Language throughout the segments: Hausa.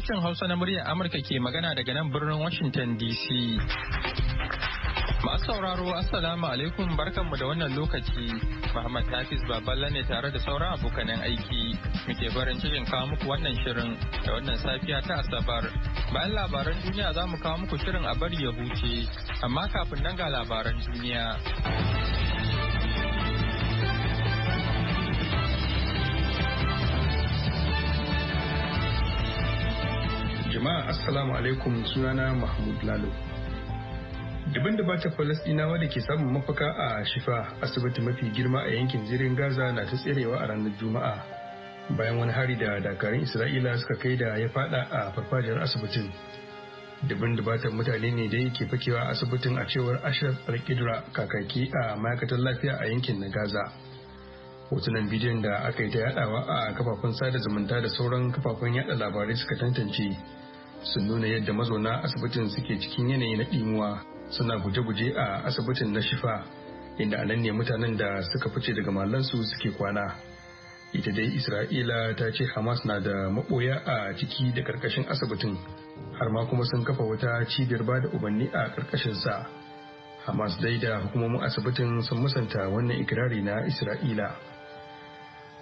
Sashen Hausa na muryar Amurka ke magana daga nan birnin Washington DC. Masu sauraro Assalamu alaikum barkanmu da wannan lokaci. Muhammad Hafiz Baballa ne tare da sauran abokanan aiki. Muke barin cikin kawo muku wannan shirin da wannan safiya ta Asabar. Bayan labaran duniya za mu kawo muku shirin a bari ya huce, amma kafin nan ga labaran duniya. Jama'a Assalamu alaikum sunana Mahmud Lalo. Daban da bata Falasɗinawa da ke samun mafaka a Shifa asibiti mafi girma a yankin zirin Gaza na ta tserewa a ranar Juma'a. Bayan wani hari da dakarun Isra'ila suka kai da ya fada a farfajiyar asibitin. Daban da bata mutane ne dai ke fakewa asibitin a cewar Ashraf Alkidra kakaki a ma'aikatar lafiya a yankin na Gaza. Hotunan bidiyon da aka yi ta yadawa a kafafen sada zumunta da sauran kafafen yada labarai suka tantance. sun nuna yadda mazauna asibitin suke cikin yanayi na ɗimuwa suna guje-guje a asibitin na shifa inda a nan ne mutanen da suka fice daga mallansu suke kwana ita dai isra'ila ta ce hamas na da maɓoya a ciki da ƙarƙashin asibitin har ma kuma sun kafa wata cibiyar ba da ubanni a ƙarƙashinsa hamas dai da hukumomin asibitin sun musanta wannan ikirari na isra'ila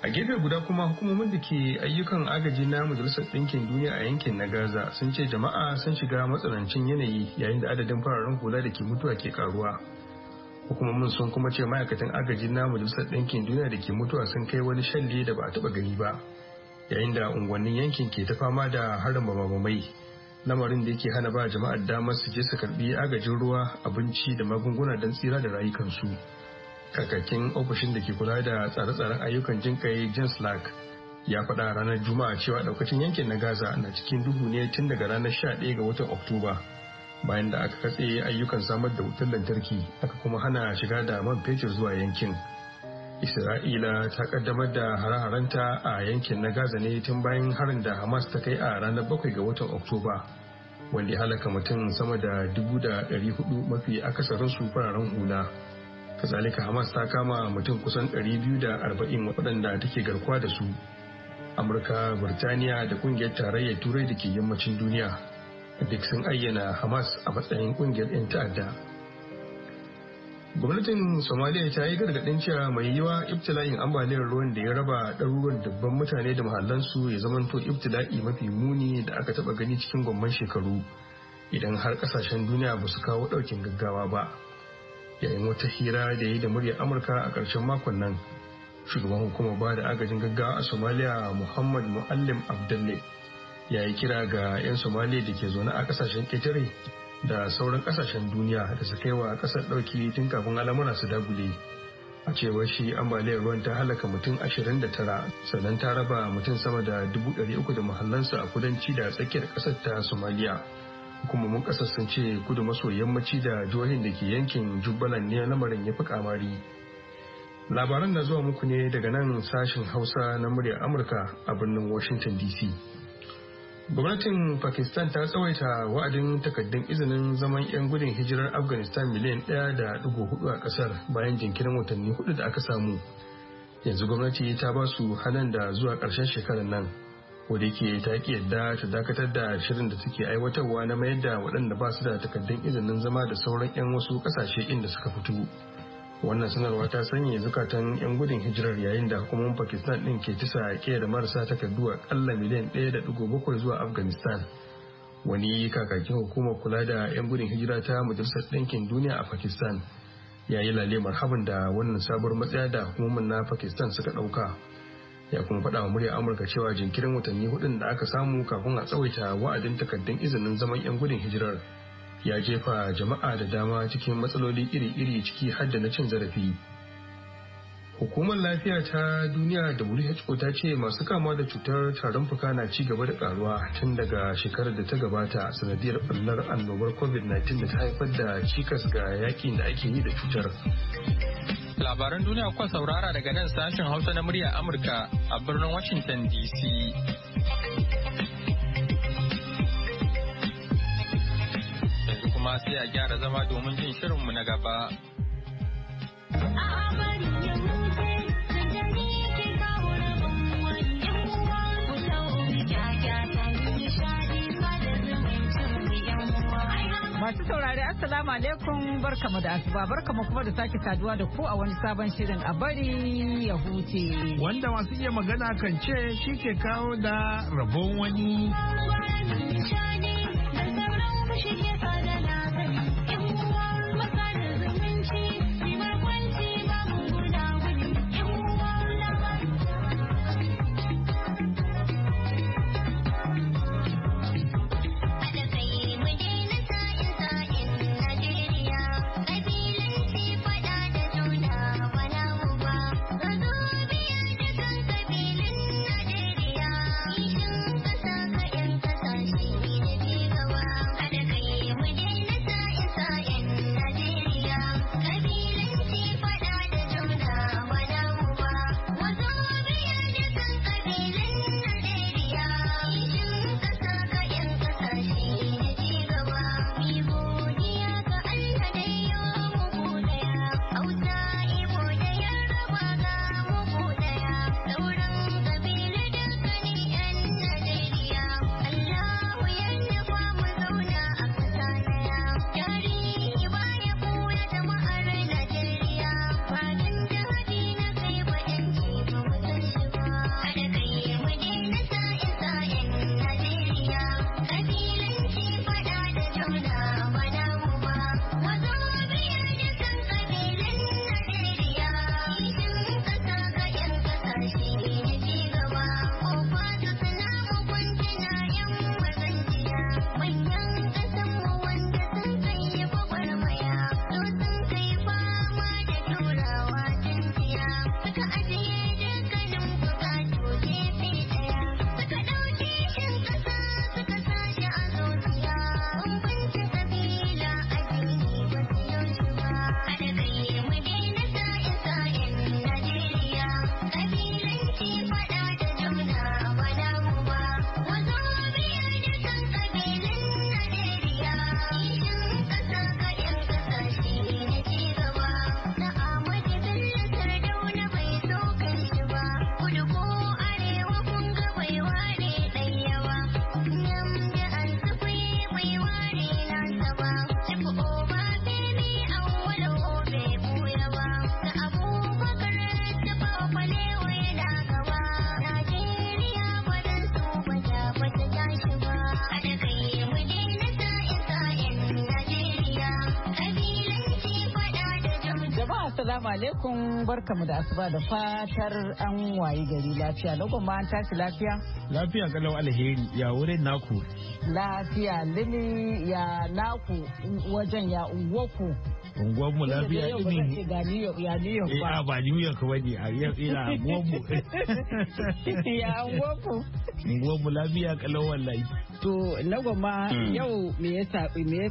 a gefe guda kuma hukumomin da ke ayyukan agaji na majalisar ɗinkin duniya a yankin na gaza sun ce jama'a sun shiga matsanancin yanayi yayin da adadin fararen hula da ke mutuwa ke karuwa hukumomin sun kuma ce ma'aikatan agaji na majalisar ɗinkin duniya da ke mutuwa sun kai wani shalle da ba a taɓa gani ba yayin da unguwannin yankin ke ta fama da harin bababamai lamarin da yake hana ba jama'ar damar su je su karɓi agajin ruwa abinci da magunguna don tsira da rayukansu. kakakin ofishin da ke kula da tsare-tsaren ayyukan kai james lack ya faɗa ranar juma'a cewa ɗaukacin yankin na gaza na cikin duhu ne tun daga ranar 11 ga watan oktoba bayan da aka katse ayyukan samar da wutar lantarki aka kuma hana shiga da man fetur zuwa yankin isra'ila ta kaddamar da hare-harenta a yankin na gaza ne tun bayan harin da hamas ta kai a ranar 7 ga watan oktoba wanda ya halaka mutum sama da 400 mafi akasarin su fararen hula. kazalika hamas ta kama mutum kusan 240 waɗanda take garkuwa da su amurka birtaniya da kungiyar tarayyar turai da ke yammacin duniya duk sun ayyana hamas a matsayin kungiyar 'yan ta'adda gwamnatin somaliya ta yi gargaɗin cewa mai yiwa ibtila'in ambaliyar ruwan da ya raba ɗaruruwan dabban mutane da mahallansu ya zama zamanto ibtila'i mafi muni da aka taɓa gani cikin gwamman shekaru idan har ƙasashen duniya ba su kawo ɗaukin gaggawa ba. yayin wata hira da yi da muryar amurka a ƙarshen makon nan shugaban hukumar ba da agajin gaggawa a somaliya muhammad muallim abdulle ya yi kira ga 'yan somaliya da ke zaune a ƙasashen ƙetare da sauran ƙasashen duniya da su kai wa ƙasar ɗauki tun kafin al'amura su dagule a cewar shi ambaliyar ruwan ta halaka mutum ashirin da tara sannan ta raba mutum sama da ɗari uku da muhallansu a kudanci da tsakiyar ƙasar ta somaliya hukumomin kasar sun ce kudu maso yammaci da jihohin da ke yankin jubbalan ne lamarin ya fi kamari labaran na zuwa muku ne daga nan sashen hausa na murya amurka a birnin washington dc gwamnatin pakistan ta tsawaita wa'adin takaddun izinin zaman 'yan gudun hijirar afghanistan miliyan 1.4 a kasar bayan jinkirin watanni hudu da aka samu yanzu gwamnati ta ba su hanan da zuwa ƙarshen shekarar nan ko ke ta ki yadda ta dakatar da shirin da take aiwatarwa na mayar da waɗanda ba su da takardun izinin zama da sauran 'yan wasu ƙasashe inda suka fito wannan sanarwa ta sanya zukatan 'yan gudun hijirar yayin da hukumomin pakistan ɗin ke tisa ƙera marasa takardu a ƙalla miliyan 1.7 zuwa afghanistan wani kakakin hukumar kula da 'yan gudun hijira ta majalisar ɗinkin duniya a pakistan ya yi lalemar habin da wannan sabuwar matsaya da hukumomin na pakistan suka ɗauka ya kuma faɗa wa muryar amurka cewa jinkirin watanni hudun da aka samu kafin a tsawaita wa'adin takardun izinin zaman 'yan gudun hijirar ya jefa jama'a da dama cikin matsaloli iri-iri ciki har da na cin zarafi hukumar lafiya ta duniya who ta ce masu kama da cutar tarin fuka na ci gaba da karuwa tun daga shekarar da ta gabata sanadiyar ɓallar annobar covid-19 da ta haifar da cikas ga yakin da ake yi da cutar labaran duniya kuka saurara daga nan sashen Hausa na murya Amurka a birnin Washington DC. Yanzu kuma sai a gyara zama domin jin shirinmu na gaba. Masu saurari Assalamu alaikum barkamu da asuba barkamu kuma da sake saduwa da ku a wani sabon shirin a bari ya huce. Wanda masu iya magana kan ce shi ke kawo da rabon wani. Assalamu alaikum barkamu da asuba da fatar an waye gari lafiya. Lokon ma an tashi lafiya? Lafiya kalau alheri ya wurin naku. Lafiya lili ya naku wajen ya unguwaku. Unguwanmu lafiya ini. Ya New York ba. Eh, ah, ba New York ba ne a ina unguwanmu. Ya unguwanku. Unguwanmu lafiya kalau wallahi. to lagon ma mm. yau me ya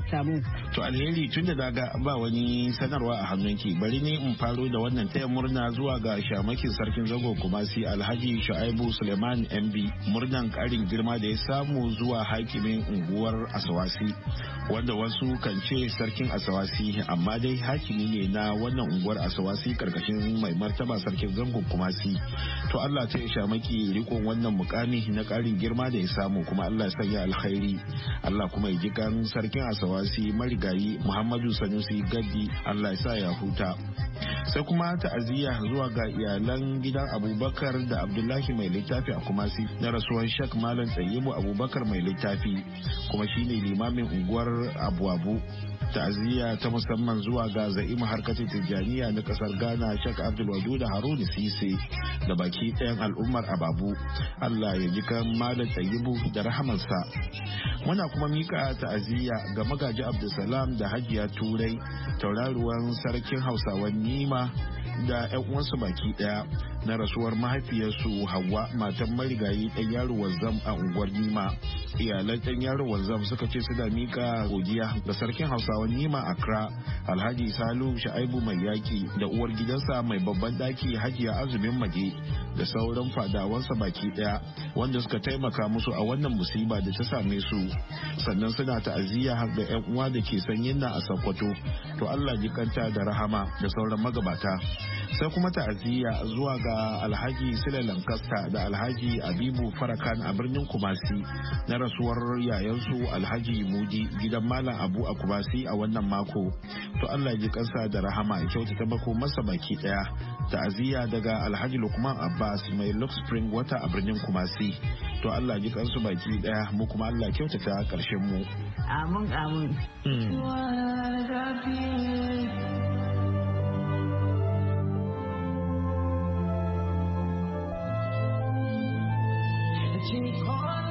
samu to alheri tun da daga ba wani sanarwa a hannunki bari ni in faro da wannan taya murna zuwa ga shamakin sarkin zangon kumasi alhaji shu'aibu suleiman mb murnan karin girma da ya samu zuwa hakimin unguwar asawasi wanda wasu kan ce sarkin asawasi amma dai hakimi ne na wannan unguwar asawasi karkashin mai martaba sarkin zango kumasi to allah ta ya shamaki rikon wannan mukami na karin girma da ya samu kuma allah sanya da alkhairi Allah kuma ya ji kan sarkin asawasi marigayi Muhammadu Sanusi Gaddi Allah ya sa ya huta sai kuma ta'aziyya zuwa ga iyalan gidan Abubakar da Abdullahi mai littafi a Kumasi na rasuwar Sheikh Malam Tsayyibu Abubakar mai littafi kuma shine limamin unguwar Abuabu ta'aziyya ta musamman zuwa ga za'imu harkacin tijjaniya na kasar ghana shek abdul da haruna sise da baki ɗayan al'ummar ababu allah ya ji kan malam tsayibu da rahamarsa muna kuma mika ta'aziyya ga magaji abdulsalam da hajiya turai tauraruwan sarkin hausawan nima da 'yan uwansu baki daya na rasuwar mahaifiyarsu Hauwa matan marigayi ɗan yaro wanzam a unguwar nima iyalan ɗan yaro wanzam suka ce suna mika godiya da sarkin hausawan nima a accra alhaji salu sha'aibu mai yaki da uwar gidansa mai babban ɗaki hajiya azumin maje da sauran fadawansa baki ɗaya wanda suka taimaka musu a wannan musiba da ta same su sannan suna ta'aziyya har da yan uwa da ke sanyin na a sakkwato to allah ji kanta da rahama da sauran magabata sai kuma ta'aziyya zuwa ga alhaji sile lankasta da alhaji abibu farakan a birnin kumasi na rasuwar yayansu alhaji muji gidan malam abu a kumasi a wannan mako to allah ji kansa da rahama kyauta ta bako masa baki daya ta'aziyya daga alhaji lukman abbas mai lux spring wata a birnin kumasi to allah ji kansu baki daya mu kuma allah kyauta ta karshen mu amin amin 喜欢。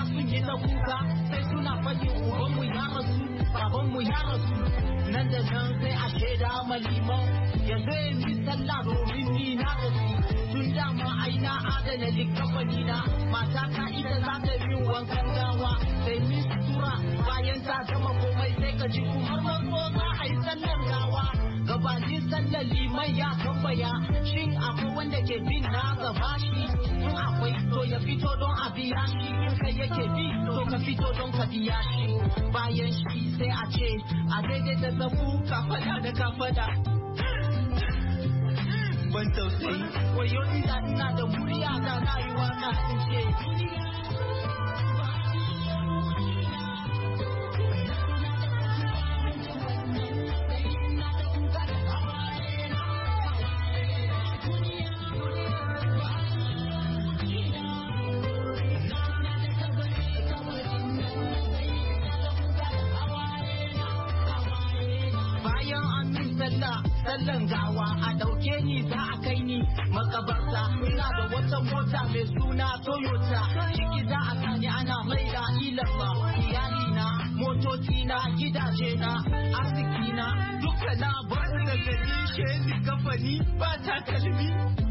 mata sun yi ta kuka sai suna faɗi ubanmu ya rasu babanmu ya rasu nan da nan sai a shaida ma liman ya zai mi sallah domin ni na rasu tun dama ai na adana likafani na mata ta ita za ta yi wankan gawa sai mi sutura bayan ta gama komai sai ka ji kuma zo za a yi sallar gawa gabanin sallar liman ya tambaya shin akwai wanda ke bin na gaba shi in akwai to ya fito don a biya shi in kai yake bi to ka fito don ka biya shi bayan shi sai a ce a daidai da zafu fada da ka fada ban tausayi wayo ina ina da muriya ga rayuwa na in ce sallan gawa a ɗauke ni za a kai ni makabarta ina da wata mota mai suna toyota ciki za a sani ana mai da ilaba iyali na motoci na gidaje na arziki na duka na ba da gani sheni kafani ba takalmi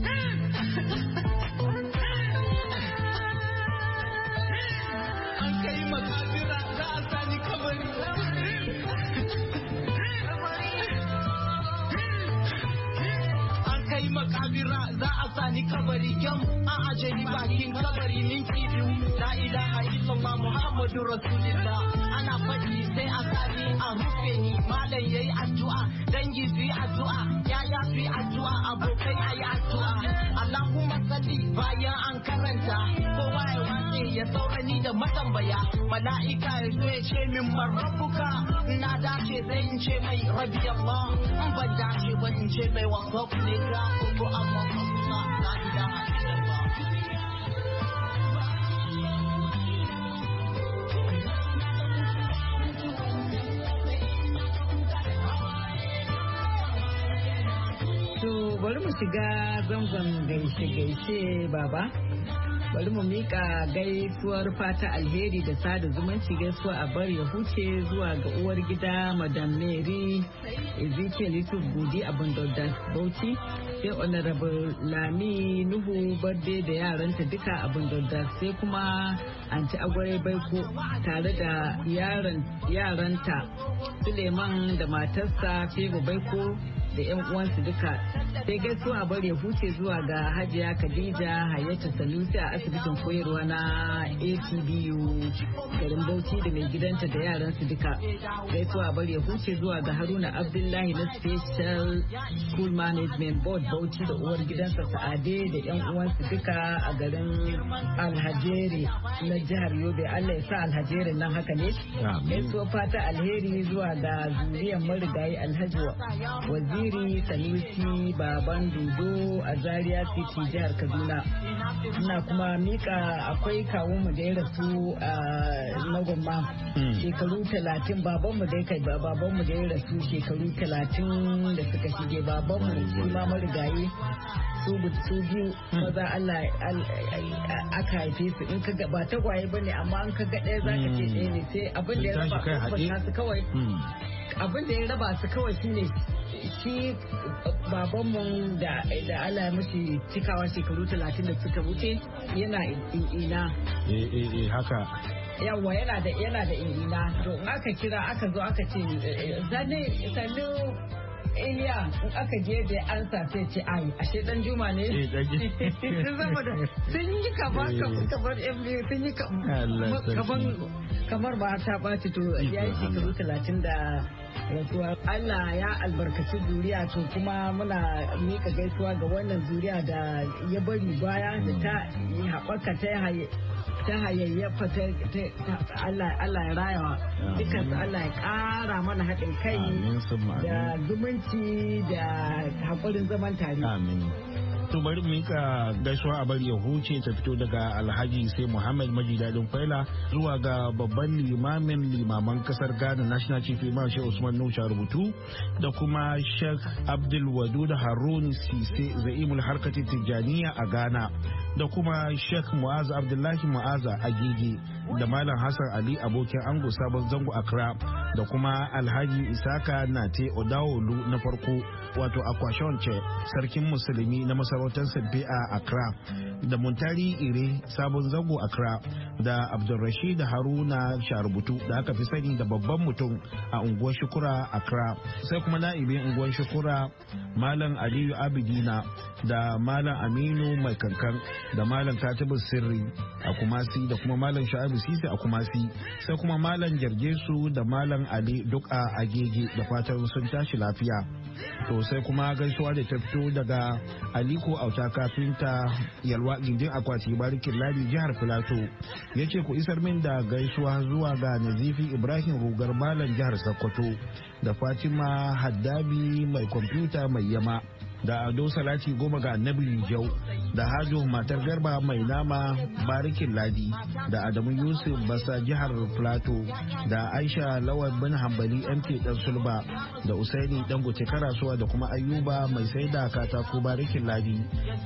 kabira za a sani kabari gam a aje bakin kabari minti biyu la ilaha illallah muhammadu rasulillah ana faɗi sai a sa sani a rufe ni malam yayi addu'a dangi su yi addu'a yaya su yi addu'a abokai ayi addu'a allahumma salli bayan an karanta kowa ya ne ya saurani da matambaya mala'ika ya zo ya ce min marabuka na dace zai in ce mai rabi Allah in ban dace ba in ce mai wanzan ne ga uku amma kuma na da bari mu shiga zangon gaishe-gaishe baba bari mu mika gaisuwar fata alheri da sada zumunci gaisuwa a bar ya huce zuwa ga uwar gida madam mary ezekiel yusuf gudi a bandar bauchi sai honorable lami nuhu barde da yaranta duka a bandar sai kuma anti agware baiko tare da yaranta suleiman da matarsa fego baiko da 'yan uwansu duka sai gaisuwa bar ya huce zuwa ga hajiya khadija hayatu sanusi a asibitin koyarwa na atbu garin bauchi da mai gidanta da yaran su duka gaisuwa bari ya huce zuwa ga haruna abdullahi na special school management board bauchi da uwar gidansa sa'ade da 'yan uwansu duka a garin alhajeri na jihar yobe allah ya sa alhajerin nan haka ne gaisuwa fata alheri zuwa ga zuriyar marigayi alhaji waziri Bashiri Sanusi Baban Dodo a Zaria City jihar Kaduna. Ina kuma mika akwai mu da ya rasu a Nagumma hmm. shekaru talatin baban da ya kai mu da ya rasu shekaru talatin da suka shige baban mu shi ma marigayi su su biyu hmm. maza Allah aka haife su in ka ba tagwaye ne amma an ka ga ɗaya za ka ce hmm. ɗaya ne sai abin da ya raba su kawai abin da ya raba su kawai shine shi babanmu da Allah ya mashi cikawa shekaru talatin da suka wuce yana ina. Eh, eh, eh haka. Yawwa yana da yana da ina. To in aka kira aka zo aka ce zanne eh, sannu Iliya in aka je da ansa sai ce ai ashe dan juma ne. Eh, Saboda sun yi kaba eh. kamar biyu sun yi kamar ba ta ɓaci to ya yi shekaru talatin da rasuwa. Allah ya albarkaci zuriya to kuma muna mika gaisuwa ga wannan zuriya da ya bari baya da ta haɓaka ta yi ta hayayyafa ta Allah ya rayawa dukkan Allah ya kara mana haɗin kai da zumunci da haƙurin zaman tare. To bari mu mika gaisuwa a bari ya huce ta fito daga Alhaji sai Muhammad Maji Dadin Faila zuwa ga babban limamin limaman kasar Ghana National Chief Imam Sheikh Usman Nusha rubutu da kuma Sheikh Abdul Wadud Harun Sise Zaimul Harkati Tijaniya a Ghana da kuma Sheikh Mu'aza Abdullahi Mu'aza a Gege. da Malam Hassan Ali abokin ango sabon zango Accra da kuma Alhaji Isaka Nate Odawolu na farko wato Akwashonce sarkin musulmi na masarautar Sabbi a Accra da Muntari Ire sabon zango Accra da Abdulrashid Haruna Sharubutu da aka fi sani da babban mutum a unguwar Shukura Accra sai kuma na'ibin unguwar Shukura Malam Aliyu Abidina da Malam Aminu Mai Kankan da Malam Katibu Sirri a Kumasi da kuma Malam Sha'abu sise a kumasi sai kuma malam su da malam ali duk a agege da fatan sun tashi lafiya to sai kuma gaisuwa da ta fito daga aliko auta kafinta yalwa gindin akwati barikin ladi jihar filato ya ce ku isar min da gaisuwa zuwa ga nazifi ibrahim rugar malam jihar sokoto da fatima haddabi mai kwamfuta mai yama da ado salati goma ga Nabi Jau da hajo matar garba mai nama barikin ladi da adamu yusuf basa jihar plateau da aisha lawan bin hambali mk dan sulba da usaini dangote karasuwa da kuma ayuba mai sai da katako barikin ladi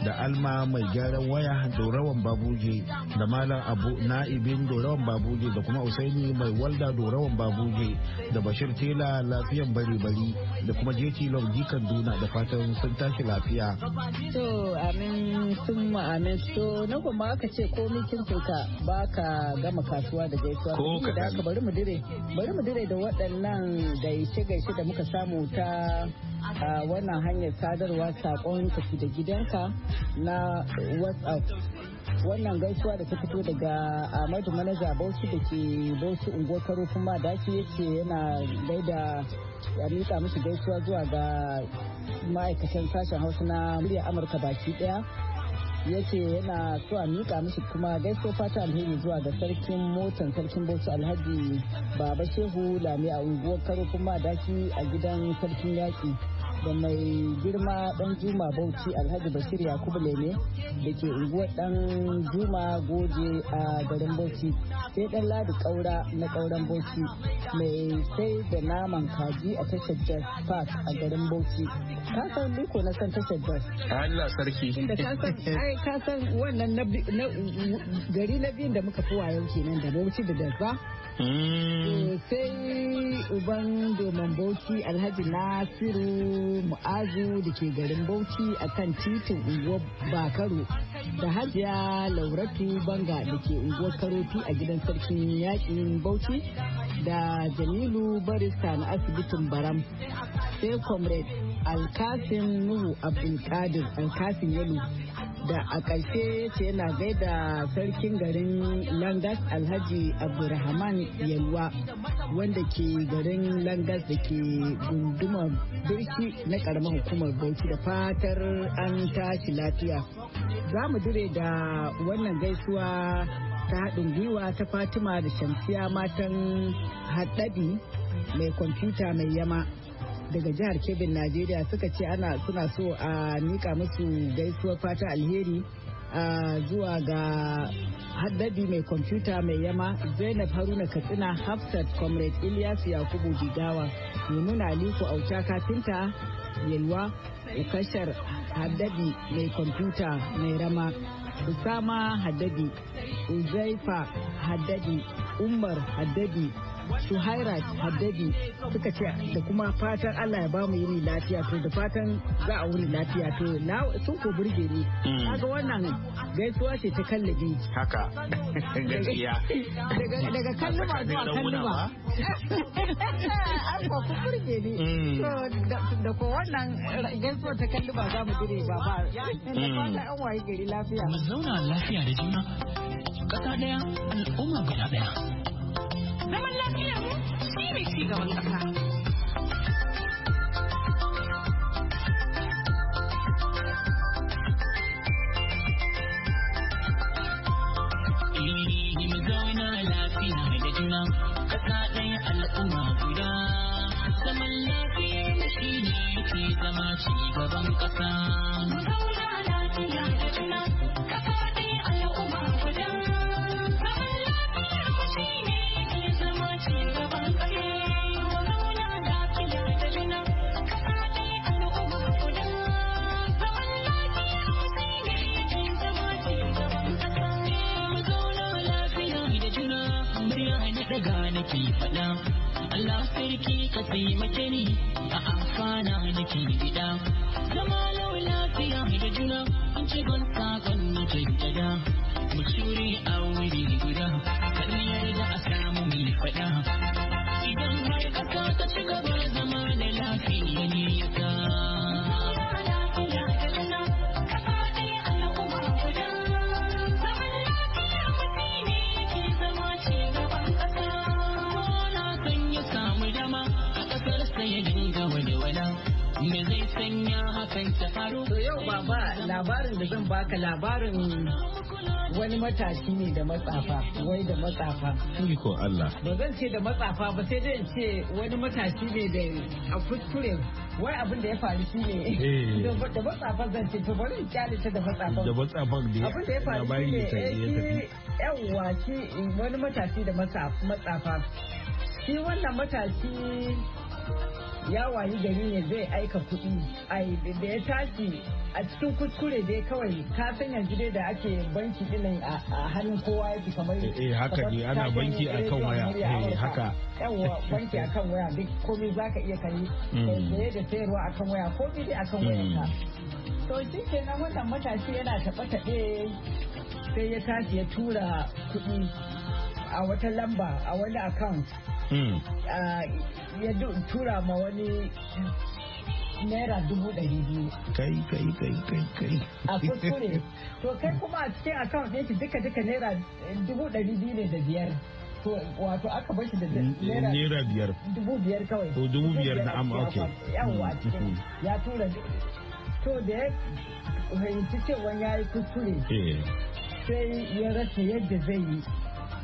da alma mai gyaran waya dorawan babuje da malam abu na'ibin dorawan babuje da kuma usaini mai walda dorawan babuje da bashir tela lafiyan bari bari da kuma jeki jikan duna da fatan sun tashi lafiya. To amin sun ma'amin to na kuma aka ce ko mikin ka ba ka gama kasuwa da gaisuwa. Ko ka da bari mu dire bari mu dire da waɗannan gaishe-gaishe da muka samu ta wannan hanyar sadarwa sakon tafi da gidanka na WhatsApp. wannan gaisuwa da ta fito daga Amadu Manaja Bautu da ke Bautu unguwar Karo kuma daki yake yana gaida ya miƙa musu gaisuwa zuwa ga ma'aikatan sashen Hausa na murya Amurka baki daya. yace yana so a miƙa musu kuma gaisuwa fata alheri zuwa ga sarkin motan sarkin bautu alhaji baba shehu lami a unguwar karo kuma daki a gidan sarkin yaƙi da mai girma dan juma bauchi alhaji bashir yakubu Lene da ke unguwar dan juma goje a garin bauchi sai dan ladi kaura na kauran bauchi mai sai da naman kaji a tashar jazz park a garin bauchi ka san liko na san tashar jazz Allah sarki inda ka san ka san wannan na gari na biyun da muka fi wayo kenan da bauchi da jazz ba hmm. eh, sai uban domin bauchi alhaji nasiru mu'azu da ke garin bauchi a kan titin unguwar bakaro da hajiya lauratu banga da ke unguwar karofi a gidan sarkin yakin bauchi da jamilu barista na asibitin baram sai comrade alkasim nuhu abdulkadir alkafin yalu da a ƙarshe ce yana gaida sarkin garin langas alhaji abdulrahman yalwa wanda ke garin langas da ke gundumar birki na karamar hukumar bauchi da fatar an tashi lafiya za mu dire da wannan gaisuwa ta haɗin gwiwa ta fatima da shamsiya matan haɗaɗi mai kwamfuta mai yama daga jihar kebin najeriya suka ce ana suna so a nika musu gaisuwar fata alheri Ah, zuwa ga haddadi mai kwamfuta mai yama zainab haruna katsina hafsat comrade ilyas yakubu jigawa nuna aliko auta kafinta yalwa ukashar haddadi mai kwamfuta mai rama usama haddadi uzaifa haddadi umar haddadi su haira haddadi suka ce da kuma fatan Allah ya bamu yini lafiya to da fatan za a wuri lafiya to sun ko burge ne hmm. kaga wannan gaisuwa ce ta kallabi haka gaskiya daga kalluma zuwa kalluma an ko ku burge ne hmm. da ko wannan gaisuwa ta kalluma za mu dire ba ba hmm. da fatan an waye gari lafiya mu zauna lafiya da juna kasa daya al'umma guda daya zaman lafiyar mu shi ne ci gaban kasa. zama ci gaban ƙasa. Mu zauna lafiya da juna, nake faɗa Allah sarki ka taimake ni a amfana nake gida zama lau lafiya da juna in ce ban To yau baba labarin da zan baka labarin wani matashi ne da matsafa wai da matsafa. Iko Allah. Ba zan ce da matsafa ba sai dai ce wani matashi ne da a kuskure wai abin da ya faru shi ne. Eh. Da matsafa zan ce to bari in kyale ta da matsafa. Da matsafa da abin da ya faru shi ne yawwa eh, shi wani matashi da matsafa. Shi wannan matashi ya wayi gari ne zai aika kuɗi ai da ya tashi a cikin kuskure dai kawai ka ya gida da ake banki din a hannun kowa yake kamar eh, eh haka ne ana banki akan waya eh haka yawa banki akan waya duk komai zaka iya kai da mm. da sayarwa akan waya komai dai akan waya. Mm. to shi na wannan matashi yana taɓa taɓe sai ya tashi ya tura kuɗi a wata lamba a wani account hmm. ya tura ma wani naira dubu ɗari biyu. Kai kai kai kai kai. A kuskure. To kai kuma a cikin account ki duka duka naira dubu ɗari biyu ne da biyar. wato aka bashi da naira biyar. Dubu biyar kawai. To dubu biyar na amma ok. Yawwa cikin hmm, hmm. ya tura. To da ya fahimci cewa ya yi kuskure. Eh. Sai ya rasa yadda zai yi.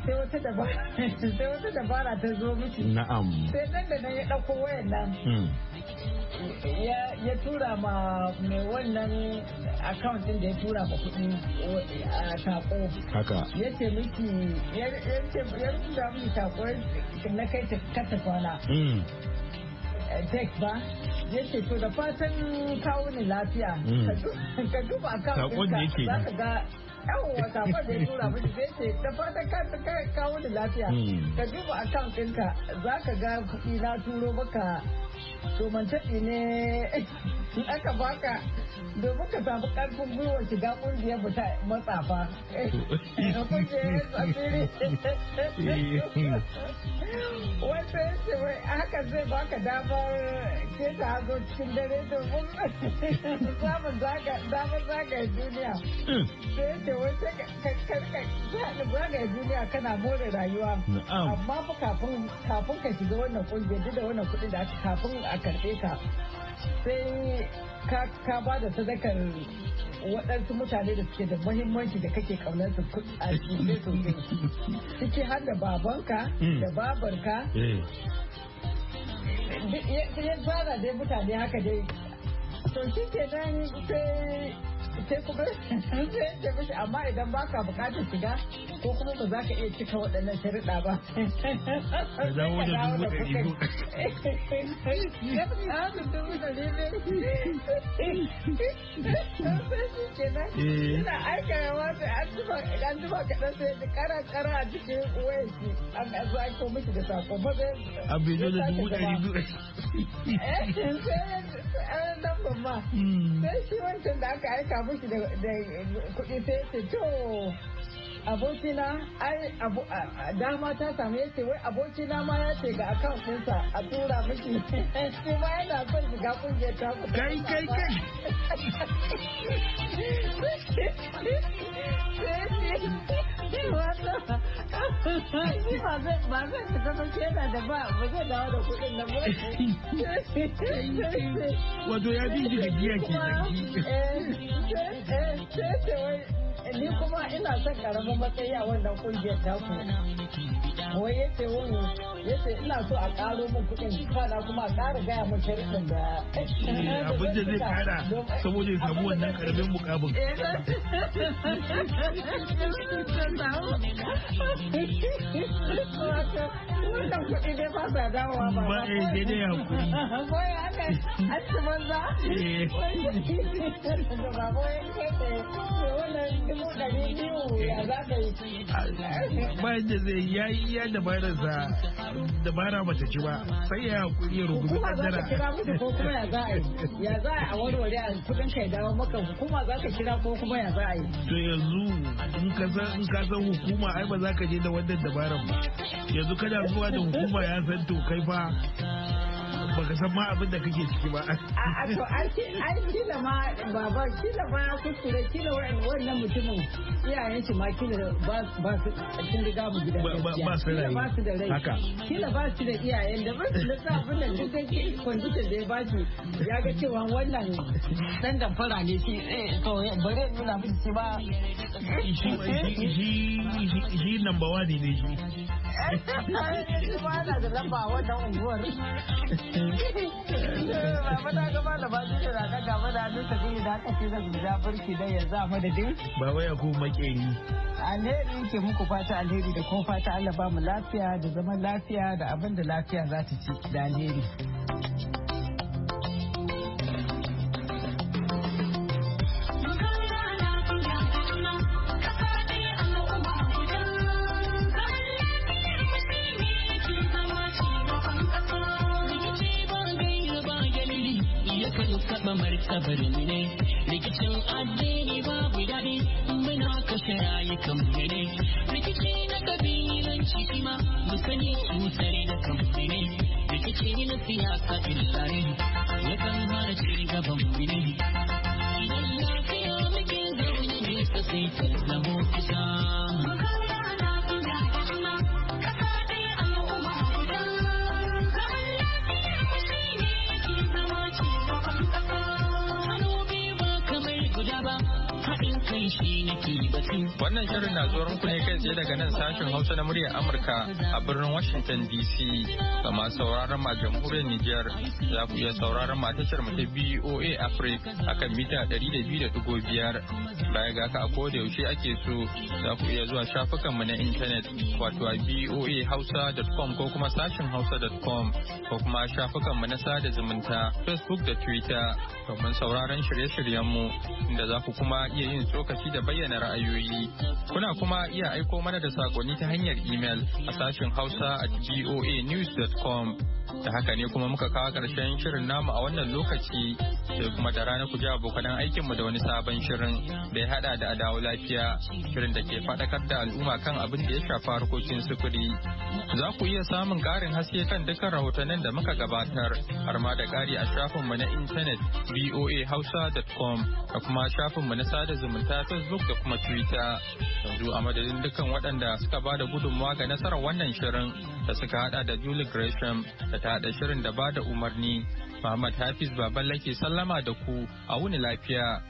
sai wata dabara sai wata dabara ta zo miki na'am sai nan da nan ya dauko wayan nan hmm. ya tura ma mai wannan account din da ya tura ma kudin a sako haka ya ce miki ya ce ya rubuta miki sako na kai ta kasa kwana Jack hmm. eh, ba ya ce to da fatan kawo ni lafiya hmm. ka duba account ɗinka za ka ga Yawon sakon da ya tura mishi sai ce da fata ka kawo da lafiya hmm. ka duba akan ɗinka za ka ga kuɗi na turo maka domin taɗi ne eh, in aka baka domin ka samu ƙarfin gwiwar shiga ƙungiyar buta matsafa ƙungiyar tsafiri wata ya ce wai haka zai baka damar keta hazo cikin dare domin samun damar zagaye duniya sai ya ce wai zagaye duniya kana more rayuwa amma kafin ka shiga wannan ƙungiyar duk da wannan kuɗin da aka kafin kafin a karɓe ka sai ka ba da sadakar waɗansu mutane da suke da muhimmanci da kake kaunar su a cikin sosai Suke har da babanka hmm. da babarka eh. ya fara dai mutane haka dai to shi ke nan sai sai kuma sai mishi amma idan ba ka bukatar shiga ko kuma ba za ka iya cika waɗannan sharuɗa ba. Ka dawo da dubu ɗari Ina aika yawa sai an zuba an zuba kaɗan sai da kara kara a cikin wayar shi an ɗazu an ko mishi da sako ba zai. bai da dubu ɗari biyu. Sai an nan ma. Sai shi wancan da aka aika samu da kuɗi sai ce to abokina ai dama ta samu ya ce wai abokina ma ya ce ga akan kunsa a tura miki shi ma yana son shiga kungiyar ta kai kai kai kai Ni ba zai fita ba ke da ba ba zai dawo da kuɗin da ba. Wato ya Ni kuma ina son karamin matsayi a wannan kungiyar taku. Wai ya ce wani ya ce ina so a karo min kuɗin kana kuma a ƙara gaya min sharuɗin da. Eh, abin da zai kara saboda ya samu wannan karamin mukabin. Eh. samu wannan kuɗi dai ba sa ba ba eh dai dai boye ba ya yi zai ya dabara sa dabara bata ci ba sai ya hakuri ya rubuta ko kuma ya za a yi ya za a warware a kuɗin kai dawo maka hukuma za ka kira ko kuma ya za a yi to yanzu in ka san hukuma ai ba za ka je da wannan dabaran ba yanzu kada zuwa da hukuma ya san to kai fa baka san ma abin da kake ciki ba a to ai kila ma baba kila ma ya kuskure kila wannan mutumin iyayen shi ma kila ba su cikin riga mu gidan gaskiya ba su da ba su da rai haka kila ba su da iyayen da ba su da abin da duk da ke kwanduta da ya ba shi ya ga cewa wannan dan fara ne shi eh, to bare nuna miki shi ba shi shi shi number 1 ne shi ai ba da lamba wannan unguwar Baba na ga malama Jide na ɗaga mana hannun sa gini da haka ce zan ja barki da yanzu a madadin. Baba ya ku makeri. Alheri ke muku fata alheri da kuma fata Allah ba mu lafiya da zaman lafiya da abin da lafiya za ta ci da alheri. barin ne rikicin addini babu daɗi muna kashe rayukan mu ne rikici na kabilanci shi ma mu sani cutar da kanmu ne rikici na siyasa illa ne yakan hana ci gaban mu ne kai shi nake Wannan shirin na zuwa ku ne kai tsaye daga nan sashen Hausa na muryar Amurka a birnin Washington DC. Ga masu sauraron ma jamhuriyar Nijar za ku iya sauraron ma tashar mu ta BOA Africa a kan mita 200.5. Baya ga ka a koda yaushe ake so za ku iya zuwa shafukan mu na intanet wato a boahausa.com ko kuma sashen hausa.com ko kuma shafukan mu na sada zumunta Facebook da Twitter domin sauraron shirye-shiryen mu inda za ku kuma iya yin so lokaci da bayyana ra'ayoyi. Kuna kuma iya aiko mana da sakonni ta hanyar imel a sashen Hausa at goanews.com. Da haka ne kuma muka kawo ƙarshen shirin namu a wannan lokaci da kuma da rana ku ji abokanan aikinmu da wani sabon shirin da ya hada da adawo lafiya shirin da ke faɗakar da al'umma kan abin da ya shafa harkokin sufuri. Za ku iya samun ƙarin haske kan dukkan rahotannin da muka gabatar har ma da ƙari a shafinmu na intanet voahausa.com da kuma shafinmu na sada zumunta ta facebook da kuma twitter yanzu a madadin dukkan waɗanda suka ba da gudunmawa ga nasarar wannan shirin da suka hada da julie gresham da ta hada shirin da ba da umarni muhammad hafiz baballake sallama da ku a wuni lafiya